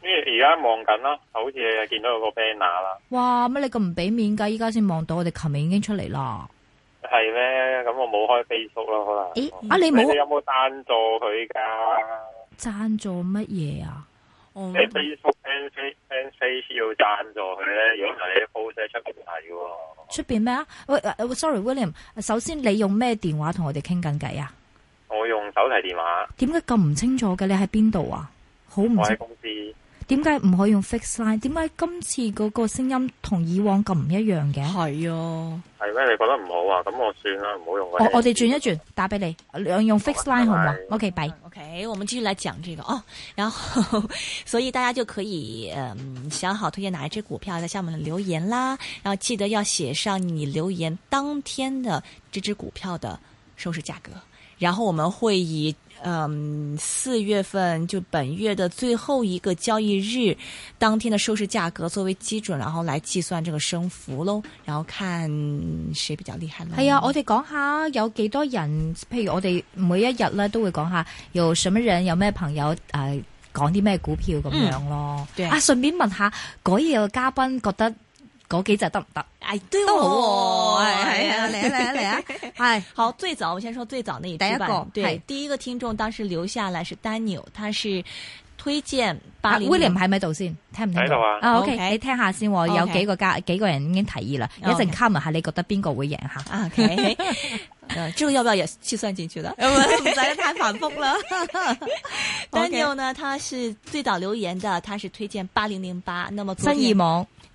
咩而家望緊啦？好似你又見到有個 banner 啦。哇！乜你咁唔俾面噶？依家先望到，我哋琴日已經出嚟啦。係咩？咁我冇開 Facebook 咯，可能。誒、欸、啊！你冇？你有冇贊助佢噶？贊助乜嘢啊？即 Facebook n n c 要贊助佢咧。如果唔係，你鋪仔出邊睇嘅。出邊咩啊？喂、呃、sorry，William，首先你用咩電話同我哋傾緊偈啊？我用手提電話。點解咁唔清楚嘅？你喺邊度啊？好唔？我喺公司。點解唔可以用 fix line？點解今次嗰個聲音同以往咁唔一樣嘅？係啊，係咩？你覺得唔好啊？咁我算啦，唔好用，哦，我我哋轉一轉，打俾你，用用 fix line 好唔好？OK，拜。OK，我們繼續來講這個哦。然後，所以大家就可以嗯，想好推薦哪一支股票，在下面留言啦。然後記得要寫上你留言當天的這支股票的收市價格。然後我們會以嗯、四、呃、月份就本月的最後一個交易日當天的收市價格作為基準，然後來計算這個升幅咯，然後看誰比較厲害咯。係啊，我哋講下有幾多人，譬如我哋每一日咧都會講下有什麼人，有咩朋友誒、呃，講啲咩股票咁樣咯、嗯。啊，順便問下，嗰夜嘅嘉賓覺得。嗰幾隻得唔得？哎，都、哦哎哦哎啊 啊啊、 好，係啊，嚟啊，嚟啊。係好最早，我先說最早那一，第吧。對，第一個聽眾當時留下來是 Daniel，他是推薦八零、啊，William 喺唔喺度先？聽唔聽到？喺度啊、oh, okay，OK，你聽下先，有幾個家、okay、幾個人已經提議啦，一陣 comment 下，你覺得邊個會贏吓？啊，OK，誒，最要不要也計算進去的唔使得太反复啦。 Daniel 呢，okay. 他是最早留言的，他是推薦八零零八，那麼三億萌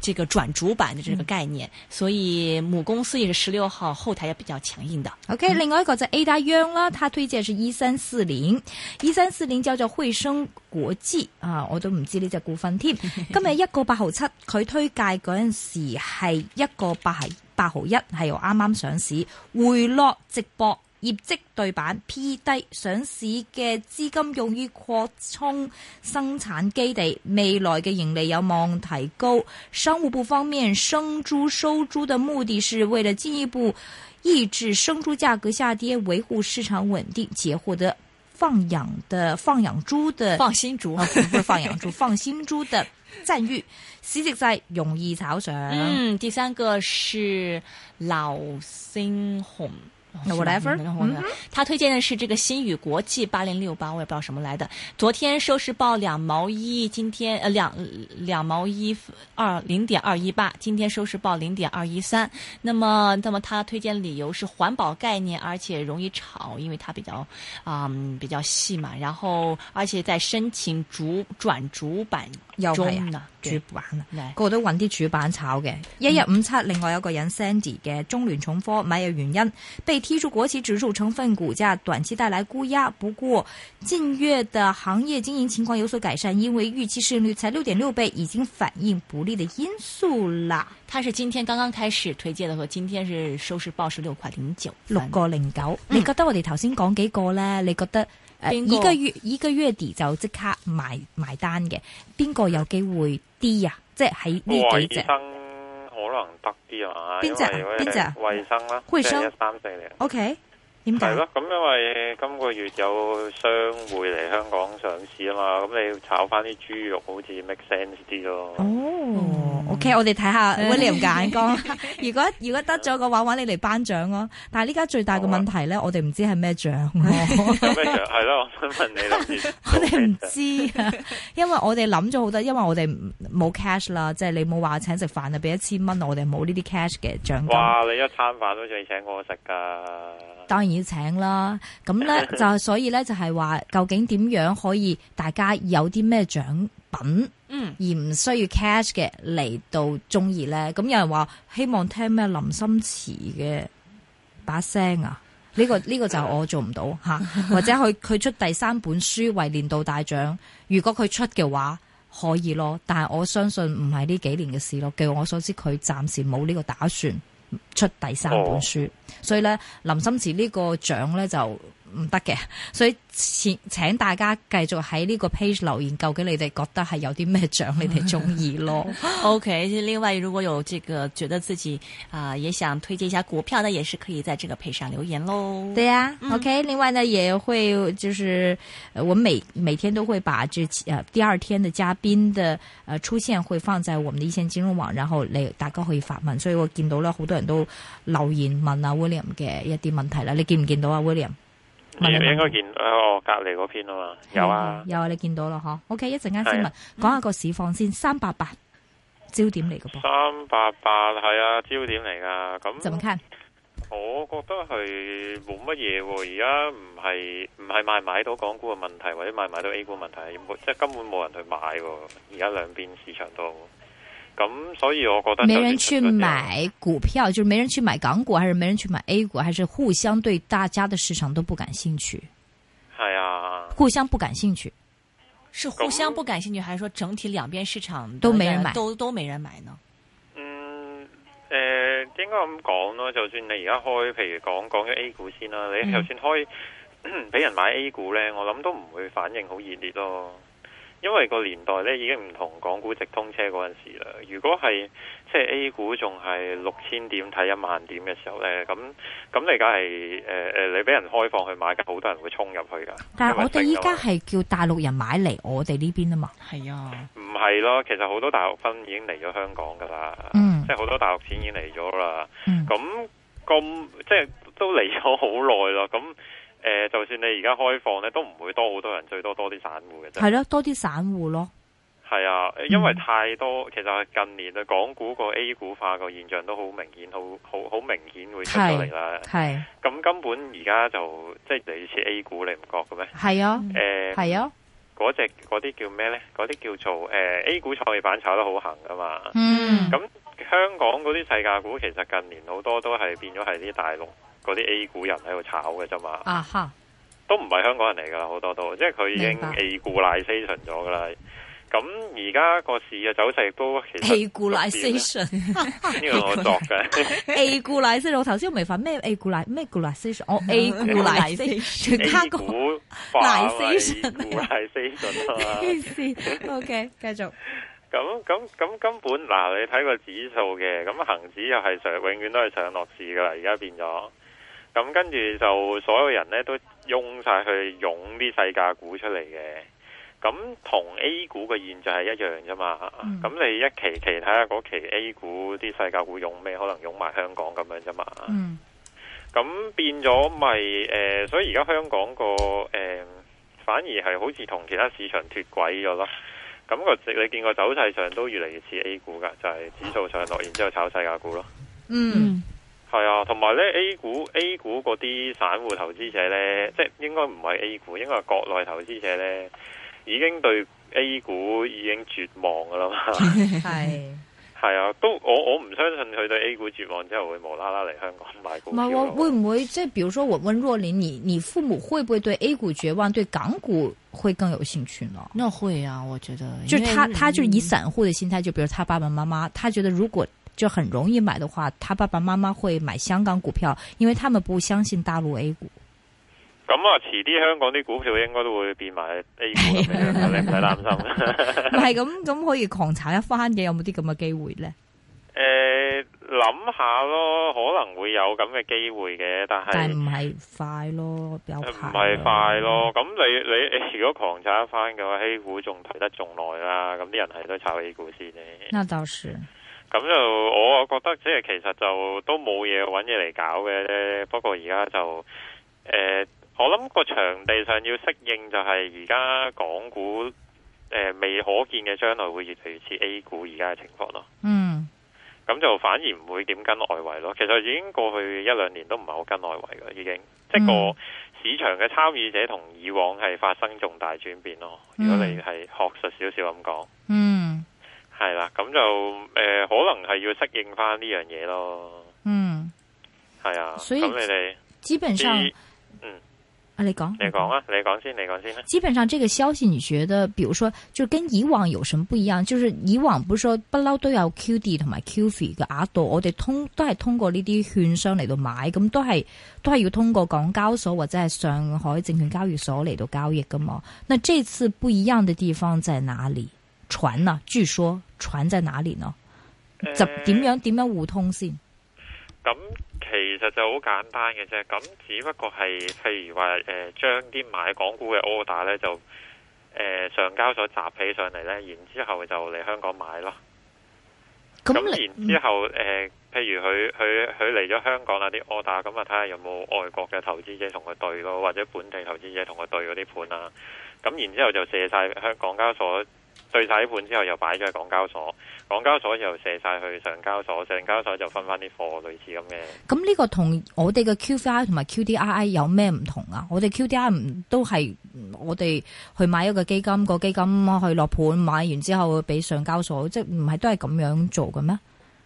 這個轉主板的這個概念，嗯、所以母公司也是十六號後台也比較強硬的。OK，另外一個就 A 大央啦，他推薦是一三四零一三四零，叫做就匯生國際啊，我都唔知呢隻股份添。今日一個八毫七，佢推介嗰陣時係一個八，係八毫一，係由啱啱上市，回落直播。業績對版 P 低，上市嘅資金用於擴充生產基地，未來嘅盈利有望提高。商務部方面，生豬收豬的目的是為了進一步抑制生豬價格下跌，維護市場穩定，且獲得放養的放養豬的放心豬、哦、不是放養豬 放心豬的讚譽 C 字在容易炒上，嗯，第三個是老星紅我來分，他推薦的是這個新宇國際八零六八，我也不知道什麼來的。昨天收市報兩毛一，今天呃兩兩毛一二零點二一八，今天收市報零點二一三。那麼那麼他推薦理由是環保概念，而且容易炒，因為它比較啊、嗯、比較細嘛，然後而且在申請主轉主板中呢，啊、主板呢、啊，個個都搵啲主板炒嘅、嗯。一一五七，另外有個人 Sandy 嘅中聯重科買有原因，被。剔除國企指數成分股價，短期帶來估壓。不過，近月的行業經營情況有所改善，因為預期市盈率才六點六倍，已經反映不利的因素啦。它是今天剛剛開始推介的，和今天是收市報十六塊零九。六個零九。你覺得我哋頭先講幾個呢？嗯、你覺得、呃、個一個月一個月底就即刻買買單嘅？邊個有機會跌呀、啊？即係喺呢幾隻？可能得啲啊，因為嗰隻衛生啦，即係一、就係一三四零，O K。係咯，咁因為今個月有商會嚟香港上市啊嘛，咁你要炒翻啲豬肉好似 make sense 啲咯。哦，嗯，OK，我哋睇下 William 如果如果得咗個話，搵你嚟頒獎咯。但係呢家最大嘅問題咧、啊，我哋唔知係咩獎、啊。咁咩獎？係咯，我想問你先。我哋唔知啊，因為我哋諗咗好多，因為我哋冇 cash 啦，即係你冇話請食飯啊，俾一千蚊，我哋冇呢啲 cash 嘅獎金。哇！你一餐飯都仲要請我食噶？當然。要請啦，咁呢就所以呢就係話，究竟點樣可以大家有啲咩獎品，而唔需要 cash 嘅嚟到中意呢？咁有人話希望聽咩林心慈嘅把聲啊？呢個呢個就我做唔到吓， 或者佢佢出第三本書為年度大獎，如果佢出嘅話可以咯，但係我相信唔係呢幾年嘅事咯。據我所知，佢暫時冇呢個打算。出第三本書，所以咧林心慈呢個獎咧就。唔得嘅，所以請請大家繼續喺呢個 page 留言。究竟你哋覺得係有啲咩獎你，你哋中意咯？OK。另外，如果有這個覺得自己啊、呃，也想推薦一下股票，呢，也是可以在這個 page 上留言咯。對呀、啊嗯、OK。另外呢，也會就是我每每天都會把這呃第二天的嘉賓的呃出現會放在我們的一線金融網，然後呢大家可以發問。所以我見到呢好多人都留言問啊 William 嘅一啲問題啦。你見唔見到啊 William？你應該見哦，隔籬嗰邊啊嘛，有啊，有啊，你見到咯嗬？OK，一陣間先問，講下個市況先，三八八焦點嚟㗎噃，三八八係啊焦點嚟㗎，咁。怎麼看？我覺得係冇乜嘢喎，而家唔係唔係買唔買到港股嘅問題，或者買唔買到 A 股嘅問題，即係根本冇人去買喎。而家兩邊市場都。咁所以我覺得，沒人去買股票，就是沒人去買港股，還是沒人去買 A 股，還是互相對大家的市場都不感興趣？係啊，互相不感興趣，是互相不感興趣，嗯、還是說整體兩邊市場都沒人買，都都沒人買呢？嗯，誒、呃，應該咁講咯。就算你而家開，譬如說講講咗 A 股先啦、嗯，你就算開俾人買 A 股咧，我諗都唔會反應好熱烈咯。因為個年代咧，已經唔同港股直通車嗰陣時啦。如果係即係 A 股仲係六千點睇一萬點嘅時候咧，咁咁你梗係誒誒，你俾人開放去買嘅，好多人會衝入去噶。但係我哋依家係叫大陸人買嚟我哋呢邊啊嘛，係啊，唔係咯。其實好多大陸分已經嚟咗香港噶啦，嗯，即係好多大陸錢已經嚟咗啦，嗯，咁咁即係都嚟咗好耐啦，咁。誒、呃，就算你而家開放咧，都唔會多好多人，最多多啲散戶嘅啫。係咯、啊，多啲散戶咯。係、嗯、啊，因為太多，其實近年咧，港股個 A 股化個現象都好明顯，好好好明顯會出咗嚟啦。係，咁根本而家就即係類似 A 股你唔覺嘅咩？係啊，誒、呃，係啊，嗰隻嗰啲叫咩咧？嗰、那、啲、個、叫做誒、呃、A 股創業板炒得好行噶嘛？嗯，咁香港嗰啲世界股其實近年好多都係變咗係啲大陸。嗰啲 A 股人喺度炒嘅啫嘛，都唔係香港人嚟噶，好多都即係佢已經 A 股 lation 咗噶啦。咁而家個市嘅走勢都其實 A 股 lation，呢個我作嘅、 哦。A 股 lation 我 頭先未發咩 A 股 lation 咩？A 股 lation 我 A 股 lation，A 股 lation，A 股 lation，A 股 lation OK，繼續。咁咁咁根本嗱，你睇個指數嘅，咁恒指又係上，永遠都係上落市噶啦，而家變咗。咁跟住就所有人咧都用晒去湧啲世界股出嚟嘅，咁同 A 股嘅現象係一樣啫嘛。咁、嗯、你一期期睇下嗰期 A 股啲世界股湧咩，可能湧埋香港咁樣啫嘛。咁、嗯、變咗咪誒？所以而家香港個誒、呃，反而係好似同其他市場脫軌咗咯。咁、那個你見個走勢上都越嚟越似 A 股噶，就係、是、指數上落，然之後炒世界股咯。嗯。嗯係啊，同埋咧 A 股 A 股啲散戶投資者咧，即係應該唔係 A 股，應該係國內投資者咧，已經對 A 股已經絕望噶啦嘛。係 係 啊，都我我唔相信佢對 A 股絕望之後會無啦啦嚟香港買股票。唔係我會唔會，即係，比如說我問若琳，你你父母會唔會對 A 股絕望，對港股會更有興趣呢？那會啊，我覺得，就他因為他就以散戶的心態，就比如他爸爸媽媽，他覺得如果。就很容易買的話，他爸爸媽媽會買香港股票，因為他們不相信大陸 A 股。咁啊，遲啲香港啲股票應該都會變埋 A 股， 你唔使擔心。唔係咁，咁可以狂炒一番嘅，有冇啲咁嘅機會咧？誒、呃，諗下咯，可能會有咁嘅機會嘅，但係唔係快咯，有排。唔、呃、係快咯，咁你你如果狂炒一番嘅話，A 股仲睇得仲耐啦，咁啲人係都炒 A 股先咧。那倒是。咁就我覺得，即係其實就都冇嘢揾嘢嚟搞嘅咧。不過而家就誒、呃、我諗個場地上要適應，就係而家港股、呃、未可見嘅將來會越嚟越似 A 股而家嘅情況咯。嗯，咁就反而唔會點跟外圍咯。其實已經過去一兩年都唔係好跟外圍嘅，已經即係個市場嘅參與者同以往係發生重大轉變咯、嗯。如果你係學術少少咁講，嗯。啦，咁就誒，可能係要適應翻呢樣嘢咯。嗯，係啊，所以你哋基本上，嗯，啊你講，你講啊，你講先，你講先啦。基本上，這個消息你覺得，比如說，就跟以往有什麼不一樣？就是以往不是說不嬲都有 QD 同埋 QF 嘅額度，我哋通都係通過呢啲券商嚟到買，咁都係都係要通過港交所或者係上海證券交易所嚟到交易噶嘛？那這次不一樣的地方在哪裏？船啊，據說船在哪裏呢？點樣、呃、點樣互通先？咁、呃、其實就好簡單嘅啫，咁只不過係譬如話誒，將、呃、啲買港股嘅 order 咧就誒、呃、上交所集起上嚟咧，然之後就嚟香港買咯。咁然之後誒、呃，譬如佢佢佢嚟咗香港嗱啲 order，咁啊睇下有冇外國嘅投資者同佢對咯，或者本地投資者同佢對嗰啲盤啊。咁然之後就卸晒香港交所。對晒啲盤之後又擺咗喺港交所，港交所又卸晒去上交所，上交所就分翻啲貨類似咁嘅。咁呢個同我哋嘅 QF 同埋 QDII 有咩唔同啊？我哋 QDII 都係我哋去買一個基金，個基金去落盤買完之後俾上交所，即係唔係都係咁樣做嘅咩、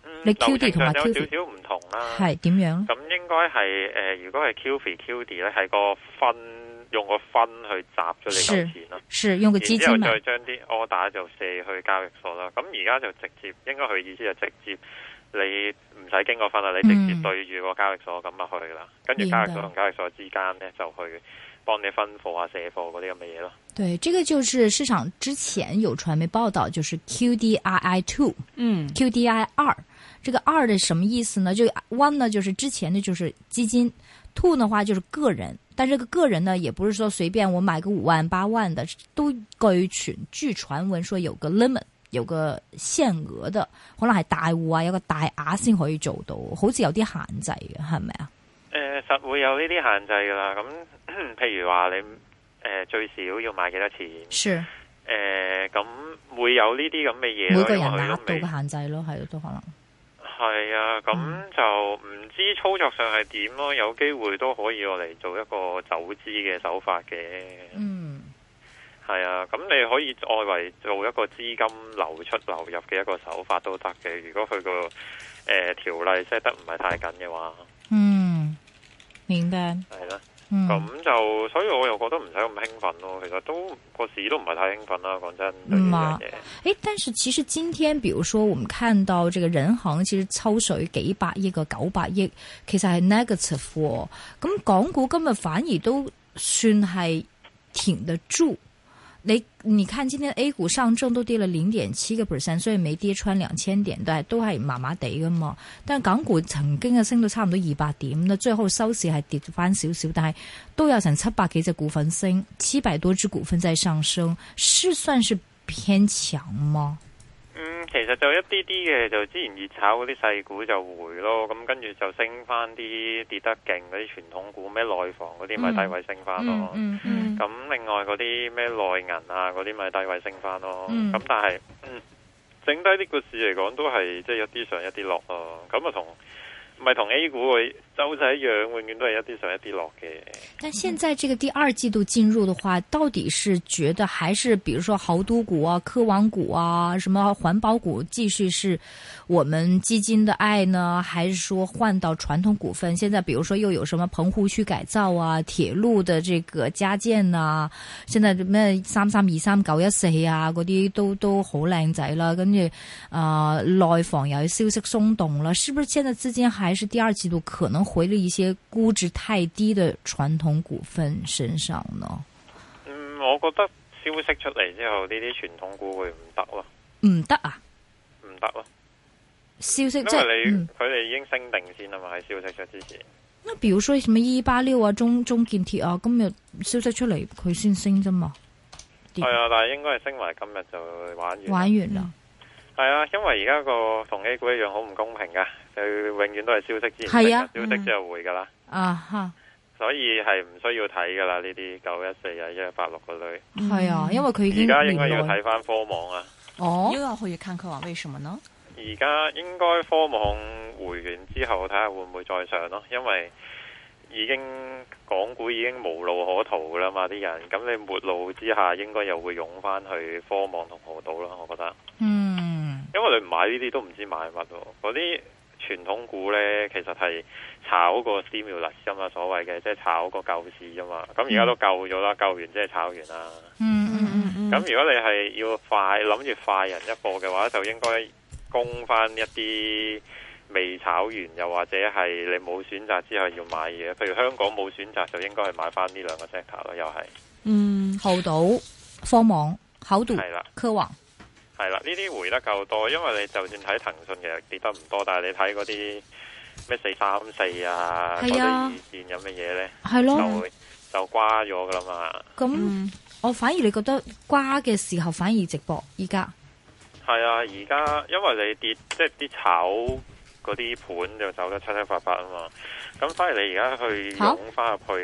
嗯？你 QD 同埋 QF 少少唔同啦。係點樣？咁應該係誒，如果係 QF、QD 咧，係個分。用個分去集咗你啲錢咯，是，是用個基金嘛？然之後再將啲 order 就卸去交易所啦。咁而家就直接，應該佢意思就直接，你唔使經過分啦，你直接對住個交易所咁啊、嗯、去啦。跟住交易所同交易所之間咧，就去幫你分貨啊、卸貨嗰啲咁嘅嘢咯。對，這個就是市場之前有傳媒報道，就是 QDII two，嗯，QDII 二，QDII2，這個二的什麼意思呢？就 one 呢，就是之前呢，就是基金；two 的話，就是個人。但係個個人呢，也不是說隨便我買個五萬八萬的都可以去。據傳聞說有個 limit，有個限額的，可能係大戶啊，有個大額先可以做到，好似有啲限制嘅，係咪啊？誒、呃，實會有呢啲限制噶啦。咁、嗯、譬如話你誒、呃、最少要買幾多錢？是誒，咁、呃、會有這些呢啲咁嘅嘢，每個人額度嘅限制咯，係都可能。係啊，咁就唔知操作上係點咯，有機會都可以我嚟做一個走資嘅手法嘅。嗯，係啊，咁你可以外圍做一個資金流出流入嘅一個手法都得嘅。如果佢個誒條例 set 得唔係太緊嘅話，嗯，明白。係啦，啊。咁、嗯、就，所以我又覺得唔使咁興奮咯。其實都個市都唔係太興奮啦，講真。嗯啊，誒，但是其實今天，比如說我們看到這個人行其實抽水幾百億個九百億，其實係 negative，咁、哦、港股今日反而都算係停得住。你，你看今天 A 股上證都跌了零點七個 percent，所以沒跌穿兩千點，都係，都係麻麻哋嘅嘛。但港股曾經嘅升到差唔多二百點，那最後收市係跌翻少少，但係都有成七百幾隻股份升，七百多隻股份在上升，是算是偏強嗎？嗯，其實就一啲啲嘅，就之前熱炒嗰啲細股就回咯，咁跟住就升翻啲跌得勁嗰啲傳統股，咩內房嗰啲咪低位升翻咯。咁、嗯嗯嗯、另外嗰啲咩內銀啊，嗰啲咪低位升翻咯。咁、嗯、但係、嗯，整體啲股市嚟講，都係即係一啲上一啲落咯。咁啊同。唔係同 A 股走勢一樣，永遠都係一啲上一啲落嘅。但現在這個第二季度進入的話，到底是覺得還是，比如說濠賭股啊、科網股啊、什麼環保股，繼續是我們基金的愛呢？還是說換到傳統股份？現在，比如說又有什麼棚戶區改造啊、鐵路的這個加建啊，現在咩三三二三九一四啊嗰啲都都好靚仔啦。跟住啊，內、呃、房有消息鬆動啦，是不是？現在資金係。還是第二季度可能回了一些估值太低的傳統股份身上呢？嗯，我覺得消息出嚟之後，呢啲傳統股會唔得咯？唔得啊？唔得咯？消息即係你佢哋、嗯、已經升定先啦嘛？喺消息出之前，那比如說什麼一八六啊、中中建鐵啊，今日消息出嚟佢先升啫嘛？係啊、哎，但係應該係升埋今日就玩完，玩完啦。嗯係啊，因為而家個同 A 股一樣好唔公平噶，佢永遠都係消息之先，啊，消息之後回噶啦。啊、嗯、所以係唔需要睇噶啦，呢啲九一四啊、一八六嗰類。係、嗯、啊，因為佢而家應該要睇翻科網啊。哦，應該可以看佢話，為什麼呢？而家應該科網回完之後，睇下會唔會再上咯？因為已經港股已經無路可逃啦嘛，啲人咁你末路之下，應該又會湧翻去科網同濠賭咯。我覺得嗯。因為你唔買呢啲都唔知買乜咯，嗰啲傳統股呢，其實係炒個 stimulus 嘛，所謂嘅即係炒個救市啫嘛。咁而家都救咗啦，救、嗯、完即係炒完啦。嗯嗯嗯咁如果你係要快諗住快人一步嘅話，就應該供翻一啲未炒完，又或者係你冇選擇之後要買嘢，譬如香港冇選擇就應該係買翻呢兩個 sector 咯，又係。嗯，濠賭，科網，濠賭，係啦，科王。係啦，呢啲回得夠多，因為你就算睇騰訊其實跌得唔多，但係你睇嗰啲咩四三四啊嗰啲二線有乜嘢咧？就就瓜咗噶啦嘛。咁、嗯嗯、我反而你覺得瓜嘅時候，反而直播依家係啊。而家因為你跌即係啲炒嗰啲盤就走得七七八八啊嘛。咁反而你而家去湧翻入去。